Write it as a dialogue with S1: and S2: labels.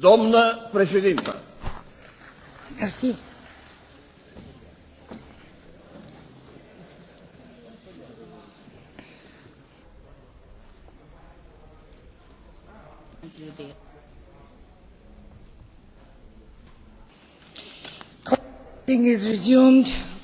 S1: Doamnă președintă.
S2: Merci. meeting is resumed.